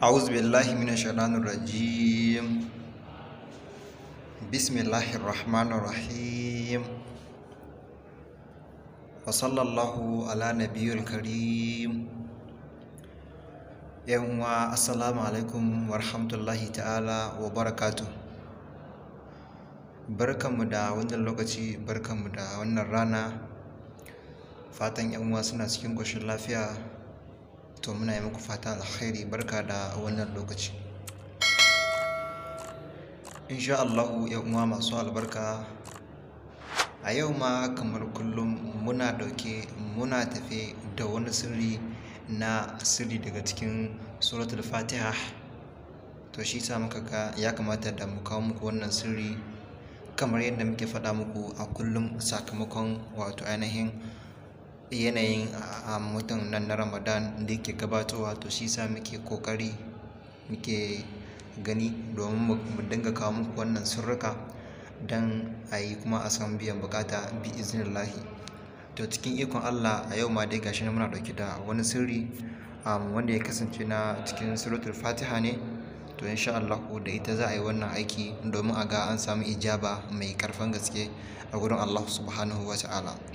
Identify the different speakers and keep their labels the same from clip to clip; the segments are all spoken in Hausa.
Speaker 1: أعوذ بالله من الشيطان الرجيم بسم الله الرحمن الرحيم وصلى الله على نبي الكريم يوم السلام عليكم ورحمة الله تعالى وبركاته barkanmu da wannan lokaci barkanmu da wannan rana fatan yan uwa suna cikin ƙoshin lafiya to muna yi muku fatan alkhairi barka da wannan lokaci insha Allahu ya uwa masu albarka a yau ma kamar kullum muna dauke muna tafe da wani sirri na sirri daga cikin suratul fatiha to shi sa muka ga ya kamata da mu kawo muku wannan sirri kamar yadda muke faɗa muku a kullum sakamakon wato ainihin yanayin a ah, mutum nan na ramadan da yake gabatowa to shi sa muke kokari muke gani domin mu dinga kawo muku wannan surruka don a yi kuma a san biyan bukata bi lahi to cikin ikon allah a yau ma dai gashi muna ɗauki da wani sirri wanda ya kasance na cikin suratul fatiha ne to insha Allah da ita za a yi wannan aiki domin a ga an samu ijaba mai karfin gaske a gurin Allah subhanahu wa ta'ala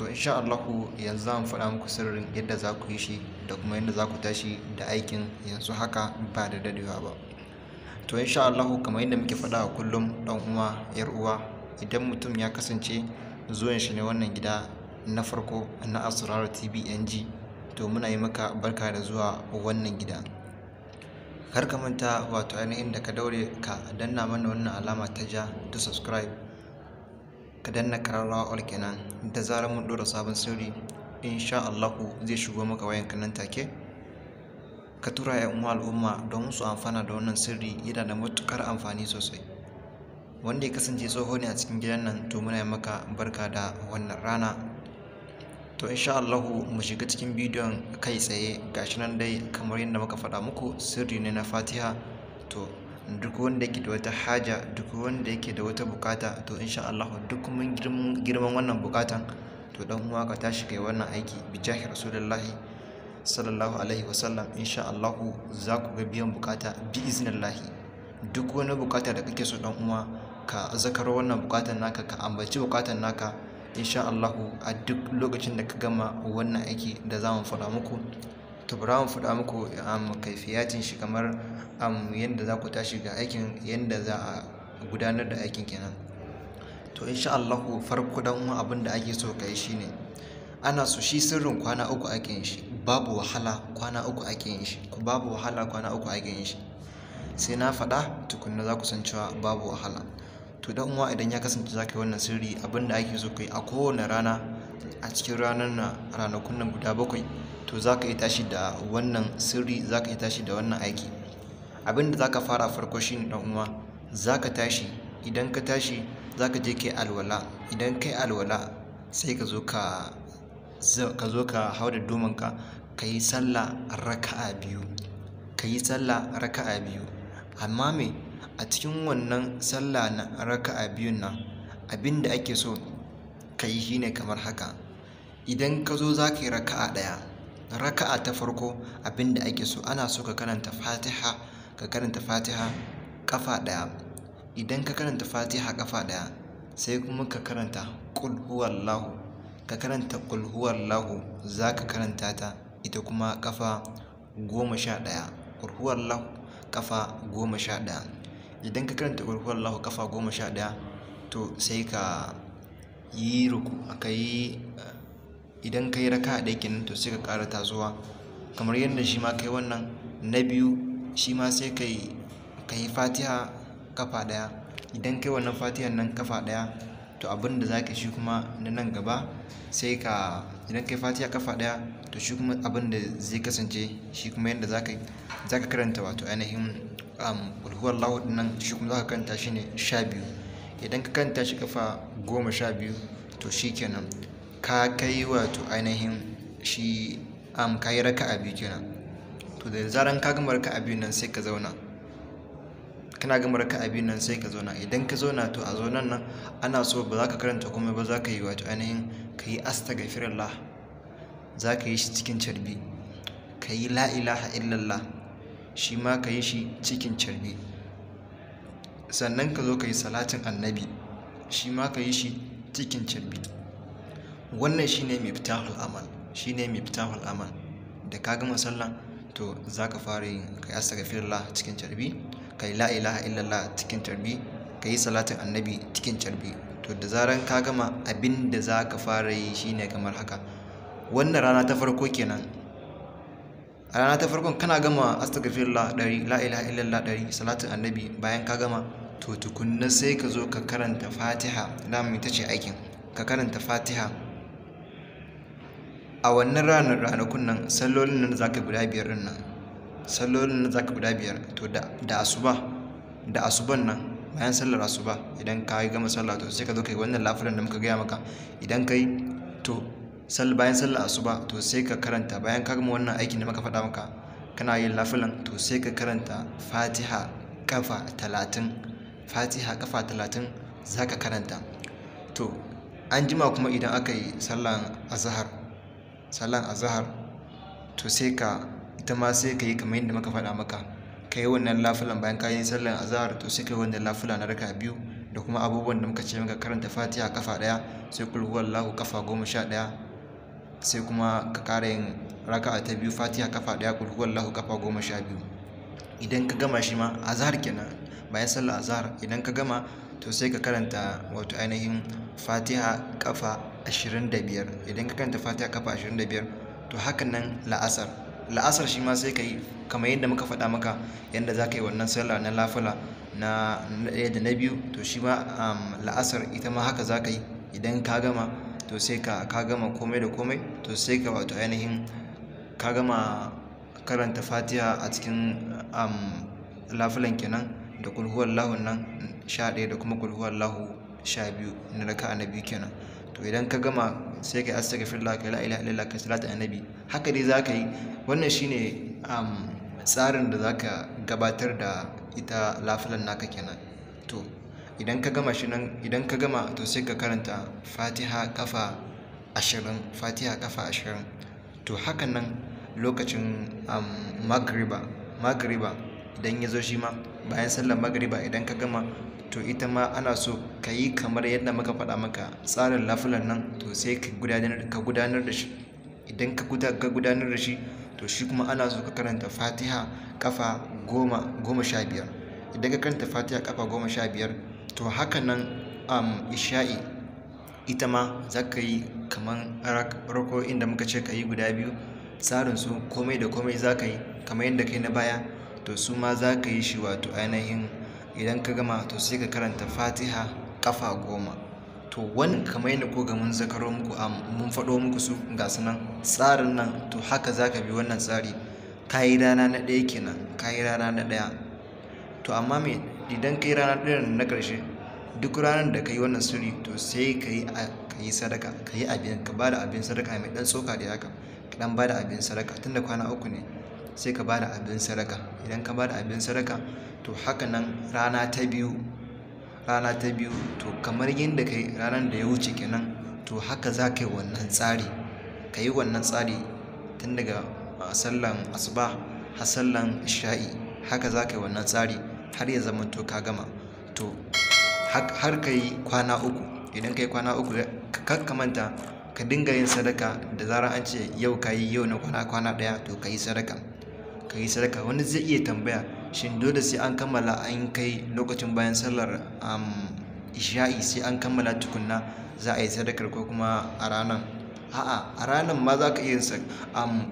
Speaker 1: to insha Allahu yanzu zan faɗa muku sirrin yadda za ku yi shi da kuma yadda za ku tashi da aikin yanzu haka ba da dadewa ba to insha Allahu kamar yadda muke faɗa a kullum dan uwa yar uwa idan mutum ya kasance zuwan shi ne wannan gida na farko na Asrar TV to muna yi maka barka da zuwa wannan gida kar ka manta wato ainihin da ka daure ka danna mana wannan alama ta ja to subscribe ka danna kararrawa all kenan da zarar mun ɗora sabon sirri insha Allahu zai shigo maka wayan ka nan take ka tura ya uwa al'umma don su amfana da wannan sirri yana da matukar amfani sosai wanda ya kasance tsoho ne a cikin gidan nan to muna maka barka da wannan rana to insha Allahu mu shiga cikin bidiyon kai tsaye gashi nan dai kamar yadda muka faɗa muku sirri ne na Fatiha to duk wanda yake da wata haja duk wanda yake da wata bukata to insha Allah duk mun girman wannan bukatan to dan uwa ka tashi kai wannan aiki bi jahi rasulullah sallallahu alaihi wasallam insha Allah za ku ga biyan bukata bi iznillahi duk wani bukata da kake so dan uwa ka zakar wannan bukatan naka ka ambaci bukatan naka insha Allah a duk lokacin da ka gama wannan aiki da za mu faɗa muku to bari mu faɗa muku ah, um, kaifiyatin shi kamar ah, um, yadda za ku tashi ga aikin yadda za a gudanar da aikin kenan to insha Allah farko dan uwa abin da ake so kai shine ana so shi sirrin kwana uku ake yin shi babu wahala kwana uku ake yin shi babu wahala kwana uku ake yin shi sai na faɗa tukunna za ku san cewa babu wahala to dan uwa idan ya kasance za ka yi wannan sirri abin da ake so kai a kowane rana a cikin ranar na ranakun nan guda bakwai to za ka yi tashi da wannan sirri za ka yi tashi da wannan aiki Abinda za ka fara farko shi ne uwa za ka tashi idan ka tashi za ka je kai alwala idan kai alwala sai ka zo ka hau da domanka ka yi sallah raka'a biyu ka yi sallah raka'a biyu amma me a cikin wannan sallah na raka'a biyun nan abin da ake so ka yi shine kamar haka idan ka zo za ka yi raka'a ɗaya raka'a ta farko abinda ake so ana so ka karanta fatiha ka karanta fatiha kafa ɗaya idan ka karanta fatiha kafa ɗaya sai kuma ka karanta ƙul huwallahu ka karanta ƙul huwallahu za ka karanta ta ita kuma kafa goma sha ɗaya ƙul huwallahu goma sha ɗaya idan ka karanta ƙul huwallahu kafa goma sha ɗaya to sai ka yi ruku ka yi idan ka yi raka a kenan to sai ka ƙara tasowa kamar yadda shi ma kai wannan na biyu shi ma sai ka yi fatiha kafa ɗaya idan ka yi wannan fatihan nan kafa ɗaya to abin da ka shi kuma na nan gaba sai ka idan ka yi fatiha kafa ɗaya to shi kuma abin da zai kasance shi kuma yadda za ka karanta wato ainihin um, ulhuwar ulhuwallahu nan shi kuma za ka karanta shi ne sha biyu idan ka karanta shi kafa goma sha biyu to shi kenan ka kai wato ainihin shi am ka yi raka biyu kenan to da zaran ka gama raka biyu nan sai ka zauna kana gama raka biyu nan sai ka zauna idan ka zauna to a zaunan nan ana so ba za ka karanta komai ba za ka yi wato ainihin ka yi astaghfirullah za ka yi shi cikin carbi ka yi la ilaha illallah shi ma ka yi shi cikin carbi sannan ka zo ka yi salatin annabi shi ma ka yi shi cikin carbi wannan shine miftahul amal shine miftahul amal da ka gama sallah to za ka fara yin kai astaghfirullah cikin ka yi la ilaha illallah cikin carbi ka yi salatin annabi cikin carbi to da zaran ka gama abin da za ka fara yi shine kamar haka wannan rana ta farko kenan a rana ta farkon kana gama astaghfirullah dari la ilaha illallah ɗari salatin annabi bayan ka gama to tukunna sai ka zo ka karanta fatiha dama ta ce aikin ka karanta fatiha a wannan ranar ranakun nan sallolin nan za ka guda biyar nan sallolin nan za ka guda biyar to da asuba da asuban nan bayan sallar asuba idan ka yi gama sallah to sai ka zo ka yi wannan lafiran da muka gaya maka idan ka yi to bayan sallar asuba to sai ka karanta bayan ka gama wannan aikin da muka faɗa maka kana yin lafilan to sai ka karanta fatiha kafa talatin fatiha kafa talatin za ka karanta to an jima kuma idan aka yi sallar azahar salan azahar to sai ka ita ma sai ka yi kamar yadda muka faɗa maka ka yi wannan lafulan bayan ka yi sallan azahar to sai ka yi wannan lafula na raka biyu da kuma abubuwan da muka ce maka karanta fatiha kafa ɗaya sai kul huwallahu kafa goma sha ɗaya sai kuma ka ƙara yin raka'a ta biyu fatiha kafa ɗaya kul huwallahu kafa goma sha biyu idan ka gama shi ma azahar kenan bayan sallar azahar idan ka gama to sai ka karanta wato ainihin fatiha kafa 25 idan ka karanta fatiha kafa 25 to hakan nan la'asar la'asar shi ma sai ka yi kamar yadda muka faɗa maka yadda za ka yi wannan sallah na lafula na ɗaya da na biyu to shi ma um, la'asar ita ma haka za ka yi idan ka gama to sai ka ka gama komai da komai to sai ka wato ainihin ka gama karanta fatiha a cikin um, lafulan kenan da kulhuwar lahun nan sha ɗaya da kuma kulhuwar lahu sha biyu na raka'a na biyu kenan to idan ka gama sai ka yi astaghfirullah ka yi la ilaha ka salatu annabi haka dai ka yi wannan shine ne um, tsarin da za ka gabatar da ita lafilan naka kenan to idan ka gama shi nan idan ka gama to sai ka karanta fatiha kafa ashirin fatiha kafa ashirin to hakan nan lokacin um, magriba magriba idan ya zo shi ma bayan sallar magriba idan ka gama to ita ma ana so ka yi kamar yadda muka faɗa maka tsarin lafulan nan to sai ka gudanar da shi idan ka gudanar da shi to shi kuma ana so ka karanta fatiha kafa goma sha biyar idan ka karanta fatiha kafa goma sha biyar to haka nan isha'i ita ma za ka yi kamar rako inda muka ce ka yi guda biyu tsarin su komai da komai za ka yi kamar yadda kai na baya to su ma za ka yi shi wato ainihin idan ka gama to sai ka karanta fatiha kafa goma to wani kamar yadda ko ga mun zakaro muku a mun faɗo muku su ga sunan tsarin nan to haka za ka bi wannan tsari ka yi rana na ɗaya kenan ka yi rana na ɗaya to amma me idan ka yi rana ɗaya na ƙarshe duk ranar da ka yi wannan sirri to sai ka yi ka yi sadaka ka yi abin ka ba da abin sadaka mai ɗan tsoka da haka ka ɗan ba da abin sadaka tunda kwana uku ne sai ka bada abin sadaka idan ka bada abin sadaka to haka nan rana ta biyu rana ta biyu to kamar yadda kai ranar da ya wuce kenan to haka za ka yi wannan tsari ka yi wannan tsari tun daga sallan asuba har sallan isha'i haka za ka yi wannan tsari har ya zama to ka gama to har ka yi kwana uku idan ka yi kwana uku ka manta ka dinga yin sadaka da zarar an ce yau ka yi yau na kwana kwana ɗaya to ka yi sadaka ka yi sadaka wani zai iya tambaya shin dole sai an kammala an kai lokacin bayan sallar isha'i sai an kammala tukunna za a yi sadakar ko kuma a ranar a'a a ranar ma za ka iya yin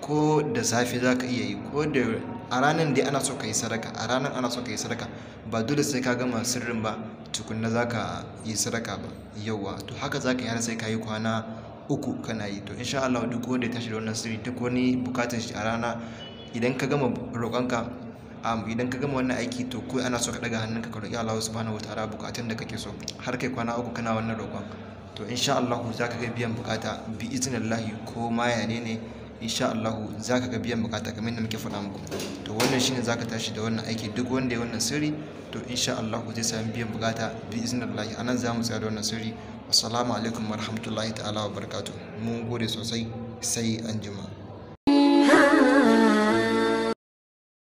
Speaker 1: ko da safe za ka iya yi ko da a ranar dai ana so ka yi sadaka a ranar ana so ka yi sadaka ba dole sai ka gama sirrin ba tukunna za ka yi sadaka ba yauwa to haka za ka yi har sai ka yi kwana uku kana yi to insha Allah duk wanda ya tashi da wannan sirri duk wani bukatar shi a rana idan ka gama roƙonka idan ka gama wannan aiki to ko ana so ka daga hannunka ka roƙi Allah subhanahu wataala bukatun da kake so har kai kwana uku kana wannan roƙon to insha Allah za ka ga biyan bukata bi iznillahi ko ma ya ne insha Allah za ka ga biyan bukata kamar yadda muke faɗa muku to wannan shine za ka tashi da wannan aiki duk wanda ya wannan sirri to insha Allah zai sami biyan bukata bi iznillahi anan za mu tsaya da wannan sirri assalamu alaikum warahmatullahi ta'ala wa barakatuh mun gode sosai sai anjima